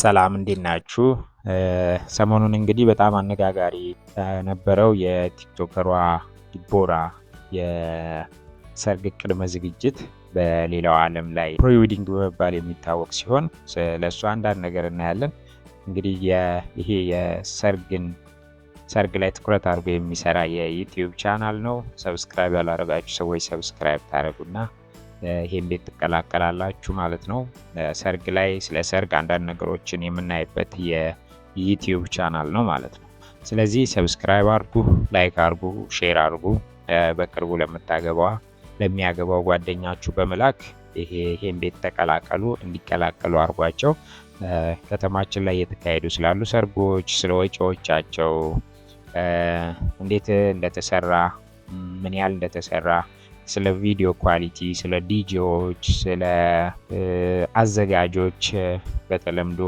ሰላም እንዴት ናችሁ? ሰሞኑን እንግዲህ በጣም አነጋጋሪ ነበረው የቲክቶከሯ ዲቦራ የሰርግ ቅድመ ዝግጅት በሌላው ዓለም ላይ ፕሪዌዲንግ በመባል የሚታወቅ ሲሆን ለእሱ አንዳንድ ነገር እናያለን። እንግዲህ ይሄ የሰርግን ሰርግ ላይ ትኩረት አድርጎ የሚሰራ የዩትዩብ ቻናል ነው። ሰብስክራይብ ያላረጋችሁ ሰዎች ሰብስክራይብ ታደረጉና ይሄን ቤት ትቀላቀላላችሁ ማለት ነው። ሰርግ ላይ ስለ ሰርግ አንዳንድ ነገሮችን የምናይበት የዩቲዩብ ቻናል ነው ማለት ነው። ስለዚህ ሰብስክራይብ አድርጉ፣ ላይክ አድርጉ፣ ሼር አድርጉ። በቅርቡ ለምታገባ ለሚያገባው ጓደኛችሁ በመላክ ይሄን ቤት ተቀላቀሉ እንዲቀላቀሉ አድርጓቸው። ከተማችን ላይ እየተካሄዱ ስላሉ ሰርጎች፣ ስለ ወጪዎቻቸው፣ እንዴት እንደተሰራ ምን ያህል እንደተሰራ ስለ ቪዲዮ ኳሊቲ፣ ስለ ዲጂዎች፣ ስለ አዘጋጆች በተለምዶ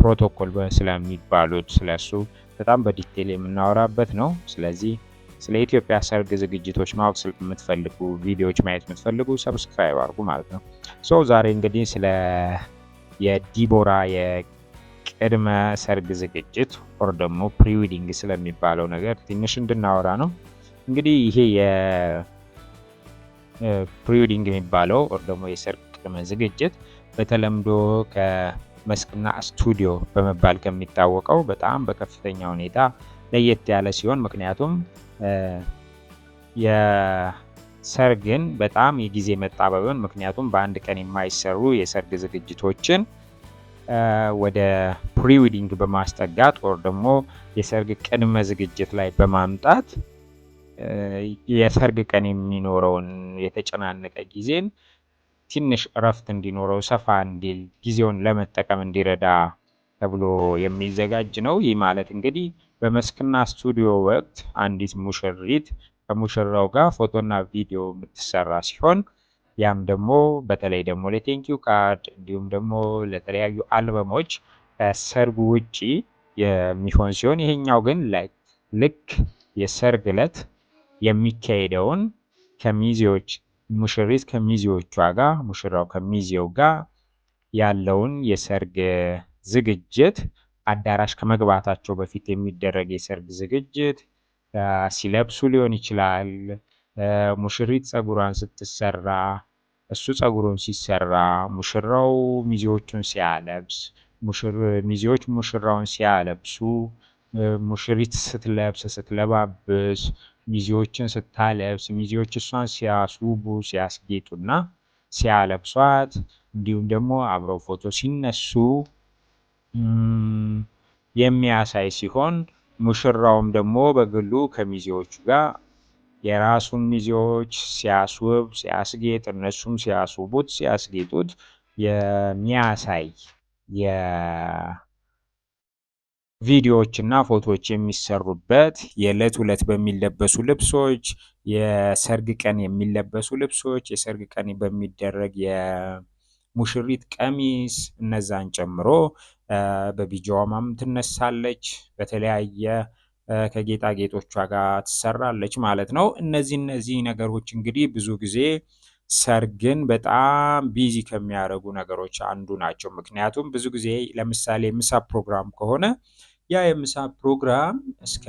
ፕሮቶኮል ስለሚባሉት ስለሱ በጣም በዲቴል የምናወራበት ነው። ስለዚህ ስለ ኢትዮጵያ ሰርግ ዝግጅቶች ማወቅ የምትፈልጉ ቪዲዮዎች ማየት የምትፈልጉ ሰብስክራይብ አድርጉ ማለት ነው። ሶ ዛሬ እንግዲህ ስለ የዲቦራ የቅድመ ሰርግ ዝግጅት ኦር ደግሞ ፕሪዊዲንግ ስለሚባለው ነገር ትንሽ እንድናወራ ነው። እንግዲህ ይሄ ፕሪዊዲንግ የሚባለው ደግሞ የሰርግ ቅድመ ዝግጅት በተለምዶ ከመስክና ስቱዲዮ በመባል ከሚታወቀው በጣም በከፍተኛ ሁኔታ ለየት ያለ ሲሆን ምክንያቱም የሰርግን በጣም የጊዜ መጣበብን ምክንያቱም በአንድ ቀን የማይሰሩ የሰርግ ዝግጅቶችን ወደ ፕሪዊዲንግ በማስጠጋት ወር ደግሞ የሰርግ ቅድመ ዝግጅት ላይ በማምጣት የሰርግ ቀን የሚኖረውን የተጨናነቀ ጊዜን ትንሽ እረፍት እንዲኖረው ሰፋ እንዲል ጊዜውን ለመጠቀም እንዲረዳ ተብሎ የሚዘጋጅ ነው። ይህ ማለት እንግዲህ በመስክና ስቱዲዮ ወቅት አንዲት ሙሽሪት ከሙሽራው ጋር ፎቶና ቪዲዮ የምትሰራ ሲሆን ያም ደግሞ በተለይ ደግሞ ለቴንኪው ካርድ እንዲሁም ደግሞ ለተለያዩ አልበሞች ከሰርጉ ውጪ የሚሆን ሲሆን ይሄኛው ግን ልክ የሰርግ ዕለት የሚካሄደውን ከሚዜዎች ሙሽሪት ከሚዜዎቿ ጋር ሙሽራው ከሚዜው ጋር ያለውን የሰርግ ዝግጅት አዳራሽ ከመግባታቸው በፊት የሚደረግ የሰርግ ዝግጅት ሲለብሱ ሊሆን ይችላል። ሙሽሪት ፀጉሯን ስትሰራ እሱ ፀጉሩን ሲሰራ ሙሽራው ሚዜዎቹን ሲያለብስ ሚዜዎች ሙሽራውን ሲያለብሱ ሙሽሪት ስትለብስ ስትለባብስ ሚዜዎችን ስታለብስ ሚዜዎች እሷን ሲያስውቡ ሲያስጌጡና ሲያለብሷት እንዲሁም ደግሞ አብረው ፎቶ ሲነሱ የሚያሳይ ሲሆን ሙሽራውም ደግሞ በግሉ ከሚዜዎቹ ጋር የራሱን ሚዜዎች ሲያስውብ ሲያስጌጥ እነሱም ሲያስውቡት ሲያስጌጡት የሚያሳይ ቪዲዮዎች እና ፎቶዎች የሚሰሩበት የዕለት ዕለት በሚለበሱ ልብሶች የሰርግ ቀን የሚለበሱ ልብሶች የሰርግ ቀን በሚደረግ የሙሽሪት ቀሚስ እነዛን ጨምሮ በቢጃዋማም ትነሳለች። በተለያየ ከጌጣጌጦቿ ጋር ትሰራለች ማለት ነው። እነዚህ እነዚህ ነገሮች እንግዲህ ብዙ ጊዜ ሰርግን በጣም ቢዚ ከሚያደርጉ ነገሮች አንዱ ናቸው። ምክንያቱም ብዙ ጊዜ ለምሳሌ ምሳ ፕሮግራም ከሆነ ያ የምሳ ፕሮግራም እስከ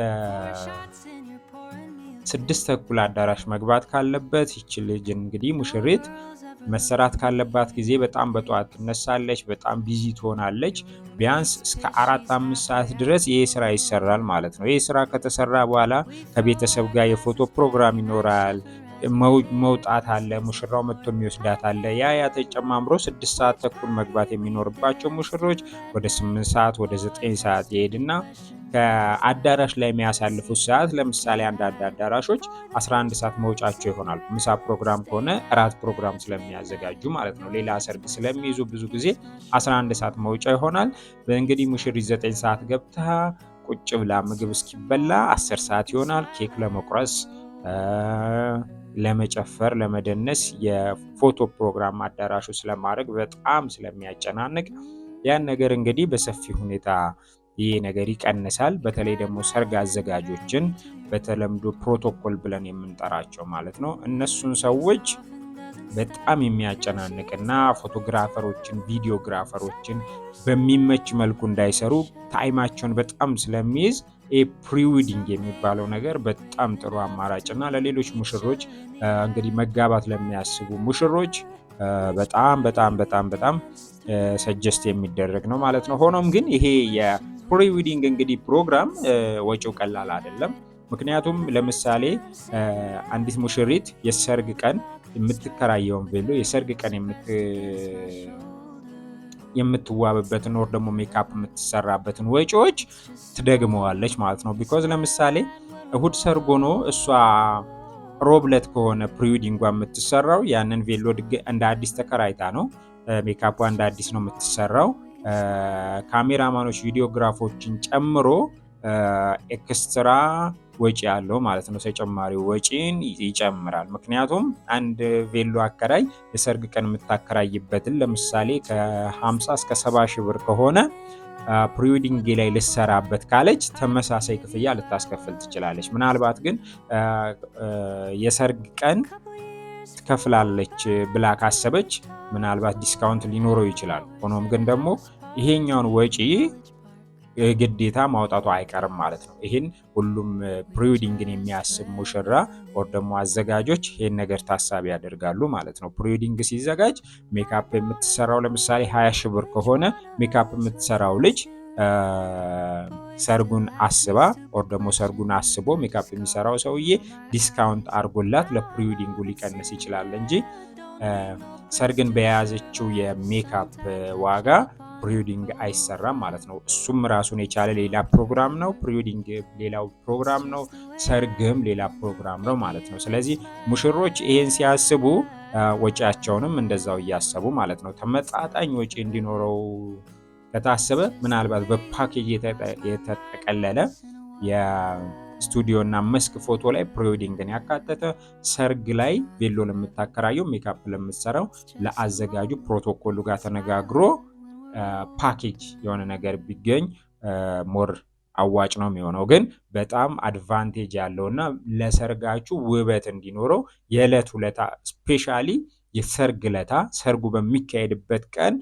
ስድስት ተኩል አዳራሽ መግባት ካለበት ይች ልጅ እንግዲህ ሙሽሪት መሰራት ካለባት ጊዜ በጣም በጠዋት ትነሳለች። በጣም ቢዚ ትሆናለች። ቢያንስ እስከ አራት አምስት ሰዓት ድረስ ይህ ስራ ይሰራል ማለት ነው። ይሄ ስራ ከተሰራ በኋላ ከቤተሰብ ጋር የፎቶ ፕሮግራም ይኖራል። መውጣት አለ፣ ሙሽራው መጥቶ የሚወስዳት አለ። ያ ያ ተጨማምሮ ስድስት ሰዓት ተኩል መግባት የሚኖርባቸው ሙሽሮች ወደ ስምንት ሰዓት ወደ ዘጠኝ ሰዓት ይሄድና ከአዳራሽ ላይ የሚያሳልፉት ሰዓት ለምሳሌ አንዳንድ አዳራሾች 11 ሰዓት መውጫቸው ይሆናል። ምሳ ፕሮግራም ከሆነ እራት ፕሮግራም ስለሚያዘጋጁ ማለት ነው። ሌላ ሰርግ ስለሚይዙ ብዙ ጊዜ 11 ሰዓት መውጫ ይሆናል። በእንግዲህ ሙሽሪት 9 ሰዓት ገብታ ቁጭ ብላ ምግብ እስኪበላ 10 ሰዓት ይሆናል። ኬክ ለመቁረስ ለመጨፈር ለመደነስ የፎቶ ፕሮግራም አዳራሹ ስለማድረግ በጣም ስለሚያጨናንቅ ያን ነገር እንግዲህ በሰፊ ሁኔታ ይህ ነገር ይቀንሳል። በተለይ ደግሞ ሰርግ አዘጋጆችን በተለምዶ ፕሮቶኮል ብለን የምንጠራቸው ማለት ነው እነሱን ሰዎች በጣም የሚያጨናንቅና ፎቶግራፈሮችን፣ ቪዲዮግራፈሮችን በሚመች መልኩ እንዳይሰሩ ታይማቸውን በጣም ስለሚይዝ ፕሪዊዲንግ የሚባለው ነገር በጣም ጥሩ አማራጭ እና ለሌሎች ሙሽሮች እንግዲህ መጋባት ለሚያስቡ ሙሽሮች በጣም በጣም በጣም በጣም ሰጀስት የሚደረግ ነው ማለት ነው። ሆኖም ግን ይሄ የፕሪዊዲንግ እንግዲህ ፕሮግራም ወጪው ቀላል አይደለም። ምክንያቱም ለምሳሌ አንዲት ሙሽሪት የሰርግ ቀን የምትከራየውን ቬሎ የሰርግ ቀን የምትዋብበትን ኖር ደግሞ ሜካፕ የምትሰራበትን ወጪዎች ትደግመዋለች ማለት ነው። ቢኮዝ ለምሳሌ እሁድ ሰርጎ ነው እሷ ሮብለት ከሆነ ፕሪዊዲንጓ የምትሰራው ያንን ቬሎ እንደ አዲስ ተከራይታ ነው። ሜካፕ እንደ አዲስ ነው የምትሰራው። ካሜራማኖች ቪዲዮግራፎችን ጨምሮ ኤክስትራ ወጪ አለው ማለት ነው። ተጨማሪ ወጪን ይጨምራል። ምክንያቱም አንድ ቬሎ አከራይ የሰርግ ቀን የምታከራይበትን ለምሳሌ ከ50 እስከ 70 ሺህ ብር ከሆነ ፕሪዊዲንግ ላይ ልሰራበት ካለች ተመሳሳይ ክፍያ ልታስከፍል ትችላለች። ምናልባት ግን የሰርግ ቀን ትከፍላለች ብላ ካሰበች ምናልባት ዲስካውንት ሊኖረው ይችላል። ሆኖም ግን ደግሞ ይሄኛውን ወጪ ግዴታ ማውጣቱ አይቀርም ማለት ነው። ይህን ሁሉም ፕሪዌዲንግን የሚያስብ ሙሽራ ወር ደግሞ አዘጋጆች ይህን ነገር ታሳቢ ያደርጋሉ ማለት ነው። ፕሪዌዲንግ ሲዘጋጅ ሜካፕ የምትሰራው ለምሳሌ ሀያ ሺህ ብር ከሆነ ሜካፕ የምትሰራው ልጅ ሰርጉን አስባ ኦር ደግሞ ሰርጉን አስቦ ሜካፕ የሚሰራው ሰውዬ ዲስካውንት አርጎላት ለፕሪዌዲንጉ ሊቀንስ ይችላል እንጂ ሰርግን በያዘችው የሜካፕ ዋጋ ፕሪዌዲንግ አይሰራም ማለት ነው። እሱም ራሱን የቻለ ሌላ ፕሮግራም ነው። ፕሪዌዲንግ ሌላው ፕሮግራም ነው። ሰርግም ሌላ ፕሮግራም ነው ማለት ነው። ስለዚህ ሙሽሮች ይሄን ሲያስቡ ወጪያቸውንም እንደዛው እያሰቡ ማለት ነው። ተመጣጣኝ ወጪ እንዲኖረው ከታሰበ ምናልባት በፓኬጅ የተጠቀለለ የስቱዲዮና እና መስክ ፎቶ ላይ ፕሪዌዲንግን ያካተተ ሰርግ ላይ ቬሎ ለምታከራየው ሜካፕ ለምትሰራው ለአዘጋጁ ፕሮቶኮሉ ጋር ተነጋግሮ ፓኬጅ የሆነ ነገር ቢገኝ ሞር አዋጭ ነው የሚሆነው። ግን በጣም አድቫንቴጅ ያለው እና ለሰርጋችሁ ውበት እንዲኖረው የዕለት ውለታ ስፔሻሊ የሰርግ ለታ ሰርጉ በሚካሄድበት ቀን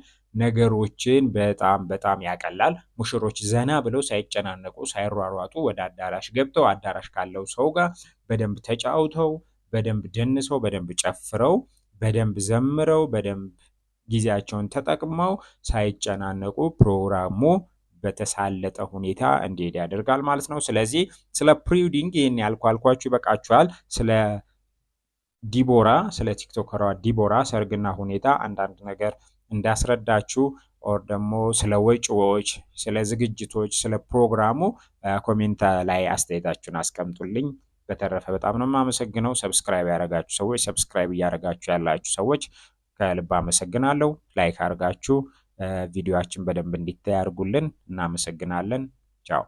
ነገሮችን በጣም በጣም ያቀላል። ሙሽሮች ዘና ብለው ሳይጨናነቁ ሳይሯሯጡ ወደ አዳራሽ ገብተው አዳራሽ ካለው ሰው ጋር በደንብ ተጫውተው በደንብ ደንሰው በደንብ ጨፍረው በደንብ ዘምረው በደንብ ጊዜያቸውን ተጠቅመው ሳይጨናነቁ ፕሮግራሙ በተሳለጠ ሁኔታ እንዲሄድ ያደርጋል ማለት ነው። ስለዚህ ስለ ፕሪውዲንግ ይህን ያልኳልኳችሁ ይበቃችኋል። ስለ ዲቦራ ስለ ቲክቶከሯ ዲቦራ ሰርግና ሁኔታ አንዳንድ ነገር እንዳስረዳችሁ ኦር ደግሞ ስለ ወጪዎች፣ ስለ ዝግጅቶች፣ ስለ ፕሮግራሙ ኮሜንት ላይ አስተያየታችሁን አስቀምጡልኝ። በተረፈ በጣም ነው የማመሰግነው። ሰብስክራይብ ያደረጋችሁ ሰዎች ሰብስክራይብ እያደረጋችሁ ያላችሁ ሰዎች ከልብ አመሰግናለሁ። ላይክ አድርጋችሁ ቪዲዮችን በደንብ እንዲታይ አድርጉልን። እናመሰግናለን። ቻው